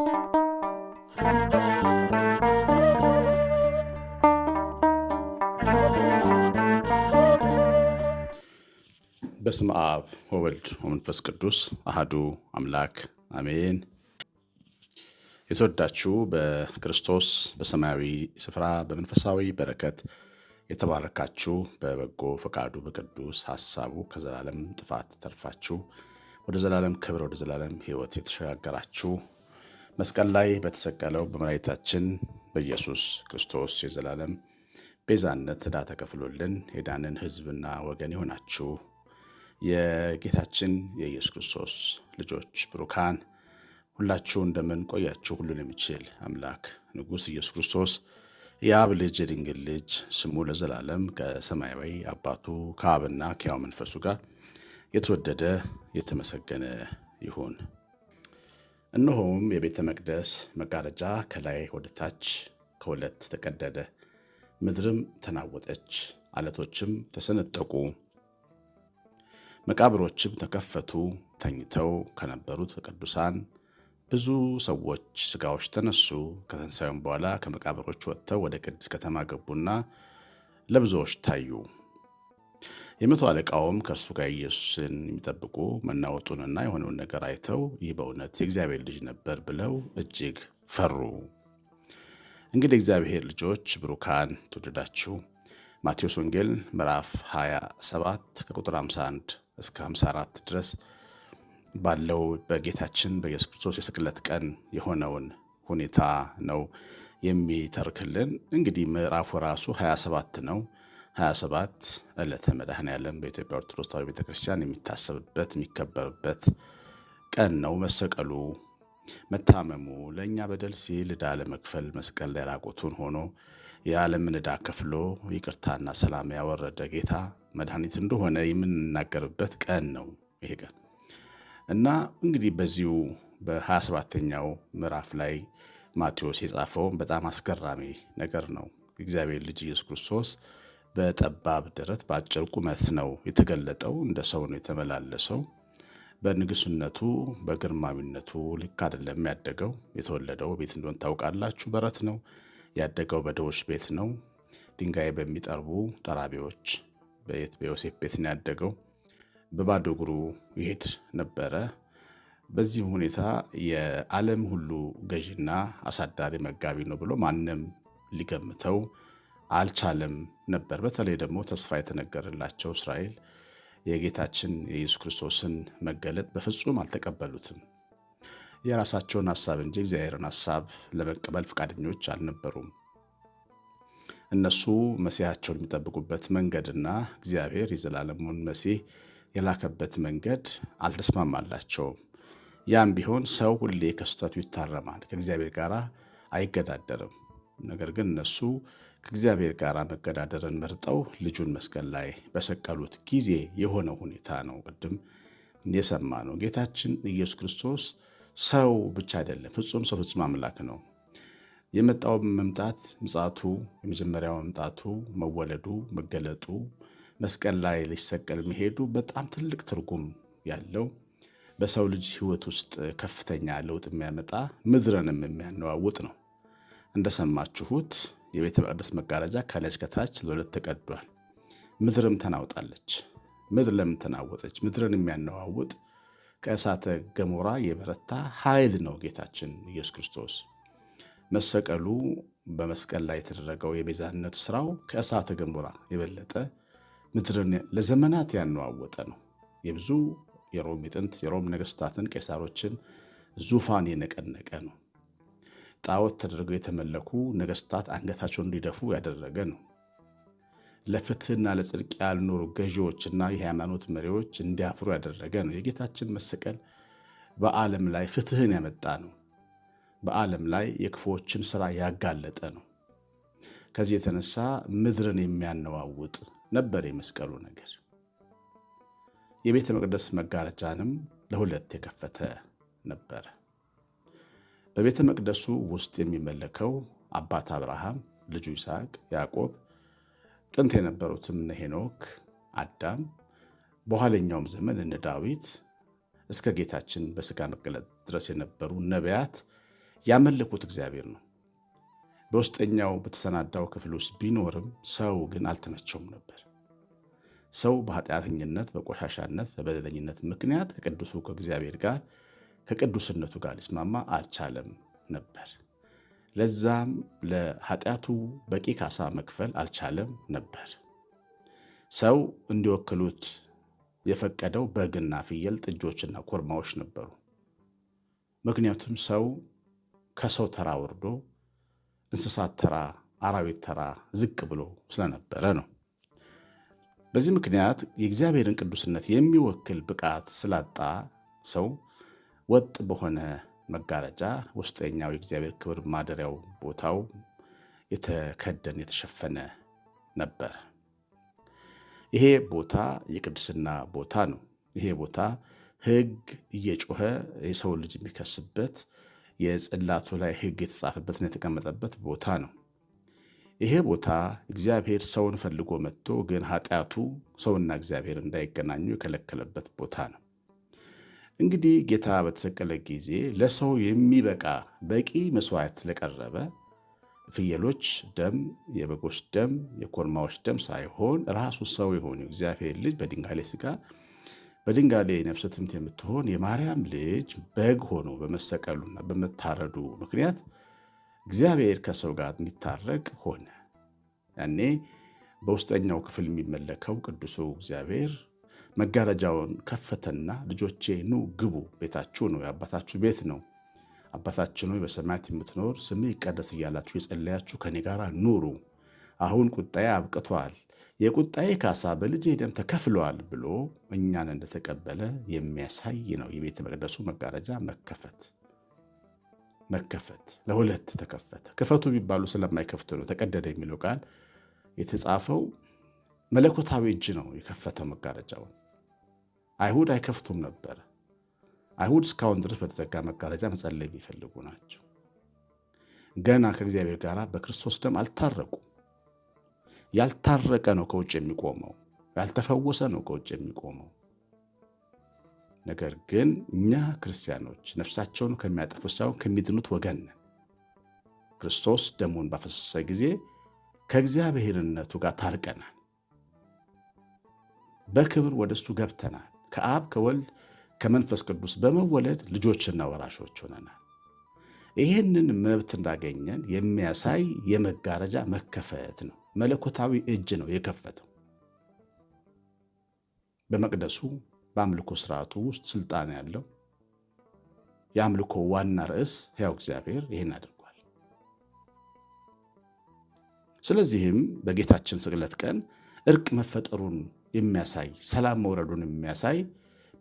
በስመ አብ ወወልድ ወመንፈስ ቅዱስ አህዱ አምላክ አሜን። የተወዳችሁ በክርስቶስ በሰማያዊ ስፍራ በመንፈሳዊ በረከት የተባረካችሁ በበጎ ፈቃዱ በቅዱስ ሐሳቡ ከዘላለም ጥፋት ተርፋችሁ ወደ ዘላለም ክብር ወደ ዘላለም ሕይወት የተሸጋገራችሁ መስቀል ላይ በተሰቀለው በመድኃኒታችን በኢየሱስ ክርስቶስ የዘላለም ቤዛነት ዕዳ ተከፍሎልን የዳንን ሕዝብና ወገን የሆናችሁ የጌታችን የኢየሱስ ክርስቶስ ልጆች ብሩካን ሁላችሁ እንደምን ቆያችሁ? ሁሉን የሚችል አምላክ ንጉሥ ኢየሱስ ክርስቶስ የአብ ልጅ የድንግል ልጅ ስሙ ለዘላለም ከሰማያዊ አባቱ ከአብና ከያው መንፈሱ ጋር የተወደደ የተመሰገነ ይሁን። እነሆም የቤተ መቅደስ መጋረጃ ከላይ ወደ ታች ከሁለት ተቀደደ፣ ምድርም ተናወጠች፣ አለቶችም ተሰነጠቁ፣ መቃብሮችም ተከፈቱ። ተኝተው ከነበሩት ቅዱሳን ብዙ ሰዎች ስጋዎች ተነሱ። ከተንሳዩም በኋላ ከመቃብሮች ወጥተው ወደ ቅድስት ከተማ ገቡና ለብዙዎች ታዩ። የመቶ አለቃውም ከእርሱ ጋር ኢየሱስን የሚጠብቁ መናወጡንና የሆነውን ነገር አይተው ይህ በእውነት የእግዚአብሔር ልጅ ነበር ብለው እጅግ ፈሩ። እንግዲህ እግዚአብሔር ልጆች ብሩካን ትውልዳችሁ ማቴዎስ ወንጌል ምዕራፍ 27 ከቁጥር 51 እስከ 54 ድረስ ባለው በጌታችን በኢየሱስ ክርስቶስ የስቅለት ቀን የሆነውን ሁኔታ ነው የሚተርክልን። እንግዲህ ምዕራፉ ራሱ 27 ነው። 27 ዕለተ መድኃኔዓለም በኢትዮጵያ ኦርቶዶክስ ተዋሕዶ ቤተክርስቲያን የሚታሰብበት የሚከበርበት ቀን ነው። መሰቀሉ፣ መታመሙ ለእኛ በደል ሲል ዕዳ ለመክፈል መስቀል ላይ ራቁቱን ሆኖ የዓለምን ዕዳ ከፍሎ ይቅርታና ሰላም ያወረደ ጌታ መድኃኒት እንደሆነ የምንናገርበት ቀን ነው ይሄ ቀን እና እንግዲህ በዚሁ በ27ኛው ምዕራፍ ላይ ማቴዎስ የጻፈውን በጣም አስገራሚ ነገር ነው። እግዚአብሔር ልጅ ኢየሱስ ክርስቶስ በጠባብ ደረት በአጭር ቁመት ነው የተገለጠው። እንደ ሰው ነው የተመላለሰው። በንግስነቱ በግርማዊነቱ ልክ አይደለም ያደገው። የተወለደው ቤት እንደሆን ታውቃላችሁ፣ በረት ነው ያደገው። በደዎች ቤት ነው፣ ድንጋይ በሚጠርቡ ጠራቢዎች ቤት፣ በዮሴፍ ቤት ነው ያደገው። በባዶ እግሩ ይሄድ ነበረ። በዚህም ሁኔታ የዓለም ሁሉ ገዢና አሳዳሪ መጋቢ ነው ብሎ ማንም ሊገምተው አልቻለም ነበር። በተለይ ደግሞ ተስፋ የተነገረላቸው እስራኤል የጌታችን የኢየሱስ ክርስቶስን መገለጥ በፍጹም አልተቀበሉትም። የራሳቸውን ሀሳብ እንጂ እግዚአብሔርን ሀሳብ ለመቀበል ፈቃደኞች አልነበሩም። እነሱ መሲሐቸውን የሚጠብቁበት መንገድና እግዚአብሔር የዘላለሙን መሲህ የላከበት መንገድ አልተስማማላቸውም። ያም ቢሆን ሰው ሁሌ ከስተቱ ይታረማል፣ ከእግዚአብሔር ጋር አይገዳደርም። ነገር ግን እነሱ ከእግዚአብሔር ጋር መገዳደርን መርጠው ልጁን መስቀል ላይ በሰቀሉት ጊዜ የሆነ ሁኔታ ነው። ቅድም እየሰማ ነው። ጌታችን ኢየሱስ ክርስቶስ ሰው ብቻ አይደለም፣ ፍጹም ሰው ፍጹም አምላክ ነው። የመጣው መምጣት ምጻቱ፣ የመጀመሪያው መምጣቱ፣ መወለዱ፣ መገለጡ፣ መስቀል ላይ ሊሰቀል መሄዱ በጣም ትልቅ ትርጉም ያለው በሰው ልጅ ሕይወት ውስጥ ከፍተኛ ለውጥ የሚያመጣ ምድርንም የሚያነዋውጥ ነው እንደሰማችሁት የቤተ መቅደስ መጋረጃ ከላይ እስከታች ለሁለት ተቀዷል። ምድርም ተናውጣለች። ምድር ለምን ተናወጠች? ምድርን የሚያነዋውጥ ከእሳተ ገሞራ የበረታ ኃይል ነው ጌታችን ኢየሱስ ክርስቶስ መሰቀሉ በመስቀል ላይ የተደረገው የቤዛነት ስራው ከእሳተ ገሞራ የበለጠ ምድርን ለዘመናት ያነዋወጠ ነው። የብዙ የሮም የጥንት የሮም ነገስታትን ቄሳሮችን ዙፋን የነቀነቀ ነው። ጣዖት ተደርገው የተመለኩ ነገስታት አንገታቸውን እንዲደፉ ያደረገ ነው። ለፍትህና ለጽድቅ ያልኖሩ ገዢዎችና የሃይማኖት መሪዎች እንዲያፍሩ ያደረገ ነው። የጌታችን መሰቀል በዓለም ላይ ፍትህን ያመጣ ነው። በዓለም ላይ የክፉዎችን ስራ ያጋለጠ ነው። ከዚህ የተነሳ ምድርን የሚያነዋውጥ ነበር የመስቀሉ ነገር። የቤተ መቅደስ መጋረጃንም ለሁለት የከፈተ ነበረ። በቤተ መቅደሱ ውስጥ የሚመለከው አባት አብርሃም፣ ልጁ ይስሐቅ፣ ያዕቆብ፣ ጥንት የነበሩትም እነ ሄኖክ፣ አዳም፣ በኋለኛውም ዘመን እነ ዳዊት እስከ ጌታችን በስጋ መገለጥ ድረስ የነበሩ ነቢያት ያመለኩት እግዚአብሔር ነው። በውስጠኛው በተሰናዳው ክፍል ውስጥ ቢኖርም ሰው ግን አልተመቸውም ነበር። ሰው በኃጢአተኝነት፣ በቆሻሻነት፣ በበደለኝነት ምክንያት ከቅዱሱ ከእግዚአብሔር ጋር ከቅዱስነቱ ጋር ሊስማማ አልቻለም ነበር። ለዛም ለኃጢአቱ በቂ ካሳ መክፈል አልቻለም ነበር። ሰው እንዲወክሉት የፈቀደው በግና ፍየል፣ ጥጆችና ኮርማዎች ነበሩ። ምክንያቱም ሰው ከሰው ተራ ወርዶ እንስሳት ተራ፣ አራዊት ተራ ዝቅ ብሎ ስለነበረ ነው። በዚህ ምክንያት የእግዚአብሔርን ቅዱስነት የሚወክል ብቃት ስላጣ ሰው ወጥ በሆነ መጋረጃ ውስጠኛው የእግዚአብሔር ክብር ማደሪያው ቦታው የተከደን የተሸፈነ ነበር። ይሄ ቦታ የቅድስና ቦታ ነው። ይሄ ቦታ ሕግ እየጮኸ የሰው ልጅ የሚከስበት የጽላቱ ላይ ሕግ የተጻፈበትና የተቀመጠበት ቦታ ነው። ይሄ ቦታ እግዚአብሔር ሰውን ፈልጎ መጥቶ ግን ኃጢአቱ ሰውና እግዚአብሔር እንዳይገናኙ የከለከለበት ቦታ ነው። እንግዲህ ጌታ በተሰቀለ ጊዜ ለሰው የሚበቃ በቂ መስዋዕት ስለቀረበ ፍየሎች ደም፣ የበጎች ደም፣ የኮርማዎች ደም ሳይሆን ራሱ ሰው የሆነ እግዚአብሔር ልጅ በድንጋሌ ስጋ በድንጋሌ ነፍሰ ትምት የምትሆን የማርያም ልጅ በግ ሆኖ በመሰቀሉና በመታረዱ ምክንያት እግዚአብሔር ከሰው ጋር እንዲታረቅ ሆነ። ያኔ በውስጠኛው ክፍል የሚመለከው ቅዱሱ እግዚአብሔር መጋረጃውን ከፈተና ልጆቼ ኑ ግቡ፣ ቤታችሁ ነው፣ የአባታችሁ ቤት ነው። አባታችን ሆይ በሰማያት የምትኖር ስም ይቀደስ እያላችሁ የጸለያችሁ ከኔ ጋር ኑሩ። አሁን ቁጣዬ አብቅቷል፣ የቁጣዬ ካሳ በልጄ ደም ተከፍሏል ብሎ እኛን እንደተቀበለ የሚያሳይ ነው። የቤተ መቅደሱ መጋረጃ መከፈት መከፈት ለሁለት ተከፈተ። ክፈቱ የሚባሉ ስለማይከፍቱ ነው ተቀደደ የሚለው ቃል የተጻፈው። መለኮታዊ እጅ ነው የከፈተው መጋረጃውን። አይሁድ አይከፍቱም ነበር። አይሁድ እስካሁን ድረስ በተዘጋ መጋረጃ መጸለይ የሚፈልጉ ናቸው። ገና ከእግዚአብሔር ጋር በክርስቶስ ደም አልታረቁ። ያልታረቀ ነው ከውጭ የሚቆመው፣ ያልተፈወሰ ነው ከውጭ የሚቆመው። ነገር ግን እኛ ክርስቲያኖች ነፍሳቸውን ከሚያጠፉት ሳይሆን ከሚድኑት ወገን ነን። ክርስቶስ ደሙን ባፈሰሰ ጊዜ ከእግዚአብሔርነቱ ጋር ታርቀናል። በክብር ወደ እሱ ገብተናል። ከአብ ከወልድ ከመንፈስ ቅዱስ በመወለድ ልጆችና ወራሾች ሆነናል። ይህንን መብት እንዳገኘን የሚያሳይ የመጋረጃ መከፈት ነው። መለኮታዊ እጅ ነው የከፈተው። በመቅደሱ በአምልኮ ስርዓቱ ውስጥ ስልጣን ያለው የአምልኮ ዋና ርዕስ ሕያው እግዚአብሔር ይህን አድርጓል። ስለዚህም በጌታችን ስቅለት ቀን እርቅ መፈጠሩን የሚያሳይ ሰላም መውረዱን የሚያሳይ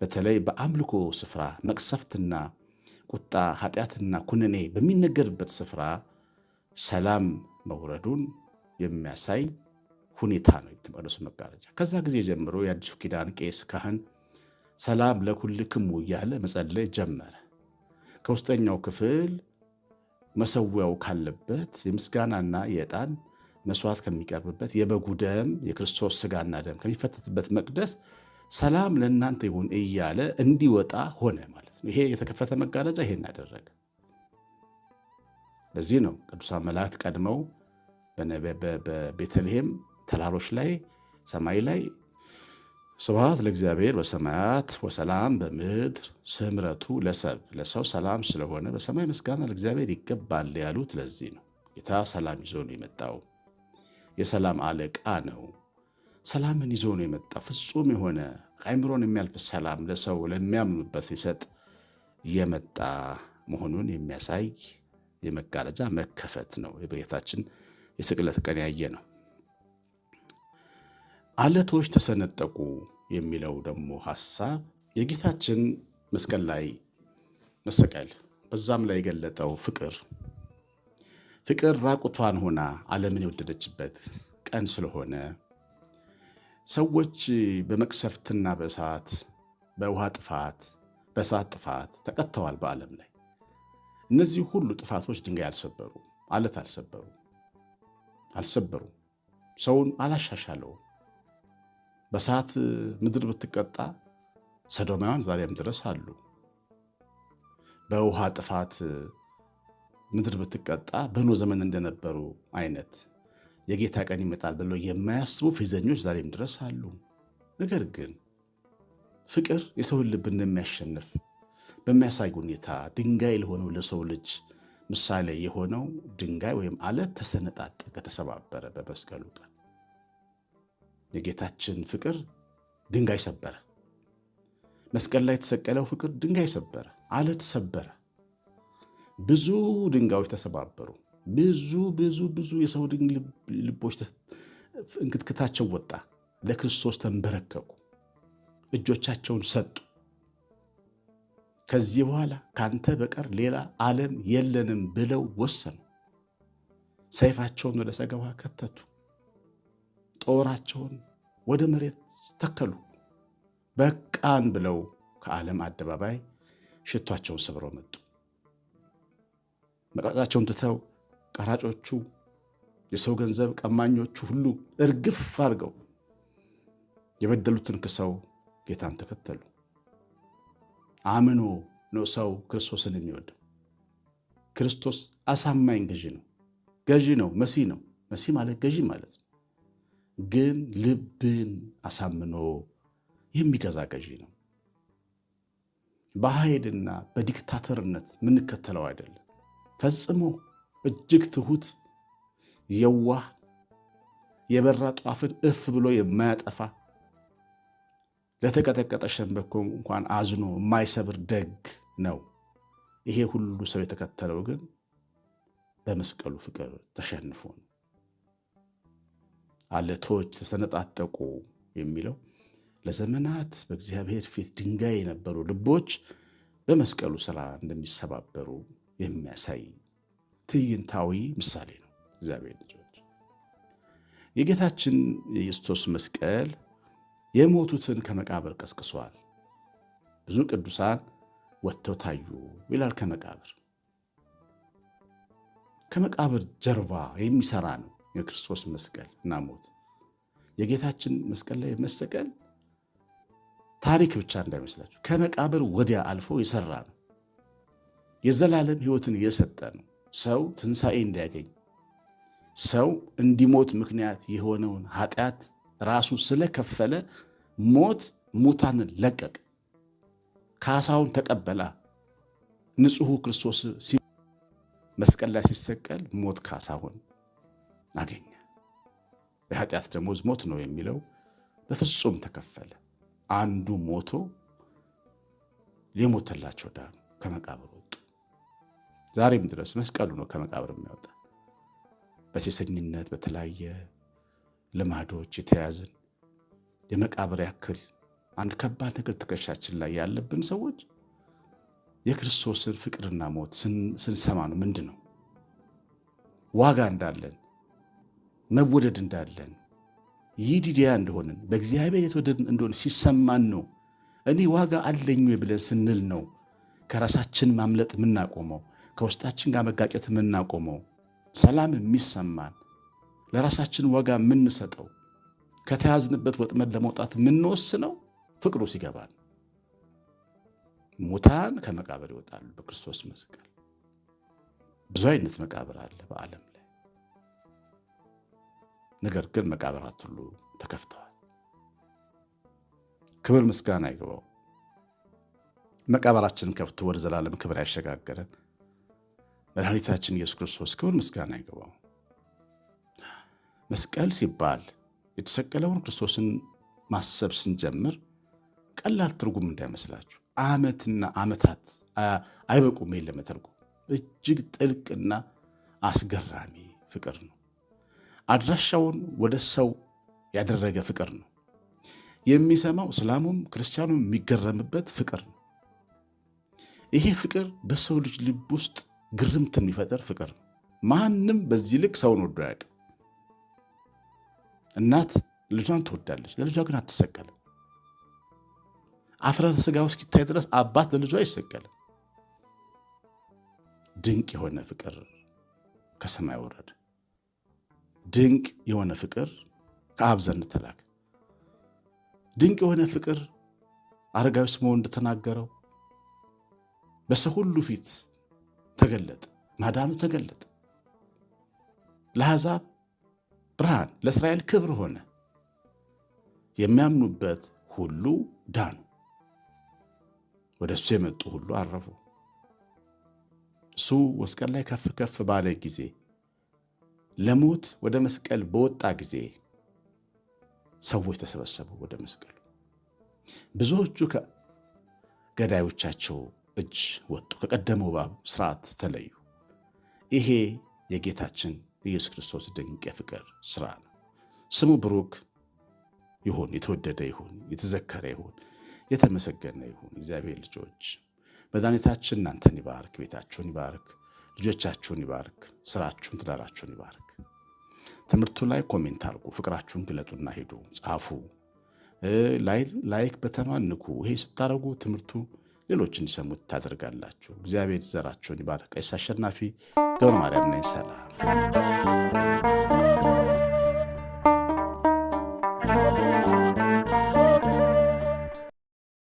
በተለይ በአምልኮ ስፍራ መቅሰፍትና ቁጣ ኃጢአትና ኩነኔ በሚነገርበት ስፍራ ሰላም መውረዱን የሚያሳይ ሁኔታ ነው የቤተ መቅደሱ መጋረጃ። ከዛ ጊዜ ጀምሮ የአዲሱ ኪዳን ቄስ ካህን ሰላም ለኩልክሙ እያለ መጸለይ ጀመረ። ከውስጠኛው ክፍል መሰዊያው ካለበት የምስጋናና የዕጣን መስዋዕት ከሚቀርብበት የበጉ ደም የክርስቶስ ስጋና ደም ከሚፈተትበት መቅደስ ሰላም ለእናንተ ይሁን እያለ እንዲወጣ ሆነ ማለት ነው። ይሄ የተከፈተ መጋረጃ ይሄን አደረገ። ለዚህ ነው ቅዱሳን መላእክት ቀድመው በቤተልሔም ተራሮች ላይ ሰማይ ላይ ስብሐት ለእግዚአብሔር በሰማያት ወሰላም በምድር ስምረቱ ለሰብ ለሰው ሰላም ስለሆነ በሰማይ ምስጋና ለእግዚአብሔር ይገባል ያሉት ለዚህ ነው። ጌታ ሰላም ይዞ ነው የመጣው። የሰላም አለቃ ነው። ሰላምን ይዞ ነው የመጣ ፍጹም የሆነ አይምሮን የሚያልፍ ሰላም ለሰው ለሚያምኑበት ሲሰጥ የመጣ መሆኑን የሚያሳይ የመጋረጃ መከፈት ነው። የጌታችን የስቅለት ቀን ያየ ነው። አለቶች ተሰነጠቁ የሚለው ደግሞ ሀሳብ የጌታችን መስቀል ላይ መሰቀል በዛም ላይ የገለጠው ፍቅር ፍቅር ራቁቷን ሆና ዓለምን የወደደችበት ቀን ስለሆነ ሰዎች በመቅሰፍትና በእሳት በውሃ ጥፋት በእሳት ጥፋት ተቀጥተዋል በዓለም ላይ። እነዚህ ሁሉ ጥፋቶች ድንጋይ አልሰበሩ፣ አለት አልሰበሩ አልሰበሩ ሰውን አላሻሻለውም። በእሳት ምድር ብትቀጣ ሰዶማውያን ዛሬም ድረስ አሉ። በውሃ ጥፋት ምድር ብትቀጣ በኖ ዘመን እንደነበሩ አይነት የጌታ ቀን ይመጣል ብለው የማያስቡ ፌዘኞች ዛሬም ድረስ አሉ። ነገር ግን ፍቅር የሰውን ልብ እንደሚያሸንፍ በሚያሳይ ሁኔታ ድንጋይ ለሆነው ለሰው ልጅ ምሳሌ የሆነው ድንጋይ ወይም አለት ተሰነጣጠቀ፣ ተሰባበረ። በመስቀሉ ቀን የጌታችን ፍቅር ድንጋይ ሰበረ። መስቀል ላይ የተሰቀለው ፍቅር ድንጋይ ሰበረ፣ አለት ሰበረ። ብዙ ድንጋዮች ተሰባበሩ። ብዙ ብዙ ብዙ የሰው ልቦች እንክትክታቸው ወጣ። ለክርስቶስ ተንበረከኩ፣ እጆቻቸውን ሰጡ። ከዚህ በኋላ ካንተ በቀር ሌላ ዓለም የለንም ብለው ወሰኑ። ሰይፋቸውን ወደ ሰገባ ከተቱ፣ ጦራቸውን ወደ መሬት ተከሉ። በቃን ብለው ከዓለም አደባባይ ሽቷቸውን ሰብረው መጡ። መቅረጻቸውን ትተው ቀራጮቹ፣ የሰው ገንዘብ ቀማኞቹ ሁሉ እርግፍ አድርገው የበደሉትን ክሰው ጌታን ተከተሉ። አምኖ ነው ሰው ክርስቶስን የሚወድ። ክርስቶስ አሳማኝ ገዢ ነው። ገዢ ነው፣ መሲ ነው። መሲ ማለት ገዢ ማለት ነው። ግን ልብን አሳምኖ የሚገዛ ገዢ ነው። በኃይልና በዲክታተርነት ምንከተለው አይደለም። ፈጽሞ እጅግ ትሁት የዋህ የበራ ጧፍን እፍ ብሎ የማያጠፋ ለተቀጠቀጠ ሸንበኮ እንኳን አዝኖ የማይሰብር ደግ ነው። ይሄ ሁሉ ሰው የተከተለው ግን በመስቀሉ ፍቅር ተሸንፎ ነው። አለቶች ተሰነጣጠቁ የሚለው ለዘመናት በእግዚአብሔር ፊት ድንጋይ የነበሩ ልቦች በመስቀሉ ስራ እንደሚሰባበሩ የሚያሳይ ትዕይንታዊ ምሳሌ ነው። እግዚአብሔር ልጆች የጌታችን የክርስቶስ መስቀል የሞቱትን ከመቃብር ቀስቅሷል። ብዙ ቅዱሳን ወጥተው ታዩ ይላል። ከመቃብር ከመቃብር ጀርባ የሚሰራ ነው የክርስቶስ መስቀል እና ሞት። የጌታችን መስቀል ላይ መሰቀል ታሪክ ብቻ እንዳይመስላችሁ ከመቃብር ወዲያ አልፎ የሰራ ነው። የዘላለም ህይወትን እየሰጠ ነው። ሰው ትንሣኤ እንዲያገኝ ሰው እንዲሞት ምክንያት የሆነውን ኃጢአት ራሱ ስለከፈለ ሞት ሙታንን ለቀቅ ካሳውን ተቀበላ። ንጹሑ ክርስቶስ መስቀል ላይ ሲሰቀል ሞት ካሳውን አገኘ። የኃጢአት ደሞዝ ሞት ነው የሚለው በፍጹም ተከፈለ። አንዱ ሞቶ የሞተላቸው ዳኑ፣ ከመቃብር ወጡ። ዛሬም ድረስ መስቀሉ ነው ከመቃብር የሚያወጣ። በሴሰኝነት በተለያየ ልማዶች የተያዝን የመቃብር ያክል አንድ ከባድ ነገር ትከሻችን ላይ ያለብን ሰዎች የክርስቶስን ፍቅርና ሞት ስንሰማ ነው ምንድን ነው ዋጋ እንዳለን መወደድ እንዳለን ይዲዲያ እንደሆንን በእግዚአብሔር የተወደድን እንደሆን ሲሰማን ነው። እኔ ዋጋ አለኝ ብለን ስንል ነው ከራሳችን ማምለጥ የምናቆመው። ከውስጣችን ጋር መጋጨት የምናቆመው፣ ሰላም የሚሰማን፣ ለራሳችን ዋጋ የምንሰጠው፣ ከተያዝንበት ወጥመድ ለመውጣት የምንወስነው ፍቅሩ ሲገባን። ሙታን ከመቃብር ይወጣሉ በክርስቶስ መስቀል። ብዙ አይነት መቃብር አለ በዓለም ላይ። ነገር ግን መቃብራት ሁሉ ተከፍተዋል። ክብር ምስጋና ይግባው። መቃብራችንን ከፍቶ ወደ ዘላለም ክብር አይሸጋገረን። መድኃኒታችን ኢየሱስ ክርስቶስ ክብር ምስጋና ይገባው። መስቀል ሲባል የተሰቀለውን ክርስቶስን ማሰብ ስንጀምር ቀላል ትርጉም እንዳይመስላችሁ። ዓመትና ዓመታት አይበቁም ይህን ለመተርጎም። እጅግ ጥልቅና አስገራሚ ፍቅር ነው። አድራሻውን ወደ ሰው ያደረገ ፍቅር ነው። የሚሰማው እስላሙም ክርስቲያኑም የሚገረምበት ፍቅር ነው። ይሄ ፍቅር በሰው ልጅ ልብ ውስጥ ግርምት የሚፈጥር ፍቅር ማንም በዚህ ልክ ሰውን ወዶ አያውቅም። እናት ልጇን ትወዳለች፣ ለልጇ ግን አትሰቀልም። አፍረተ ስጋው እስኪታይ ድረስ አባት ለልጇ አይሰቀልም። ድንቅ የሆነ ፍቅር ከሰማይ ወረደ። ድንቅ የሆነ ፍቅር ከአብ ዘንድ ተላከ። ድንቅ የሆነ ፍቅር አረጋዊ ስምዖን እንደተናገረው በሰው ሁሉ ፊት ተገለጠ፣ ማዳኑ ተገለጠ። ለአሕዛብ ብርሃን፣ ለእስራኤል ክብር ሆነ። የሚያምኑበት ሁሉ ዳኑ። ወደ እሱ የመጡ ሁሉ አረፉ። እሱ መስቀል ላይ ከፍ ከፍ ባለ ጊዜ ለሞት ወደ መስቀል በወጣ ጊዜ ሰዎች ተሰበሰቡ ወደ መስቀሉ። ብዙዎቹ ከገዳዮቻቸው እጅ ወጡ፣ ከቀደመው እባብ ስርዓት ተለዩ። ይሄ የጌታችን ኢየሱስ ክርስቶስ ድንቅ የፍቅር ስራ ነው። ስሙ ብሩክ ይሁን፣ የተወደደ ይሁን፣ የተዘከረ ይሁን፣ የተመሰገነ ይሁን። እግዚአብሔር ልጆች መድኃኒታችን እናንተን ይባርክ፣ ቤታችሁን ይባርክ፣ ልጆቻችሁን ይባርክ፣ ስራችሁን፣ ትዳራችሁን ይባርክ። ትምህርቱ ላይ ኮሜንት አድርጉ፣ ፍቅራችሁን ግለጡና ሄዱ፣ ጻፉ፣ ላይክ በተኗንኩ። ይሄ ስታደርጉ ትምህርቱ ሌሎች እንዲሰሙት ታደርጋላችሁ። እግዚአብሔር ዘራችሁን ይባርክ። ቀሲስ አሸናፊ ገብረ ማርያም ነኝ። ሰላም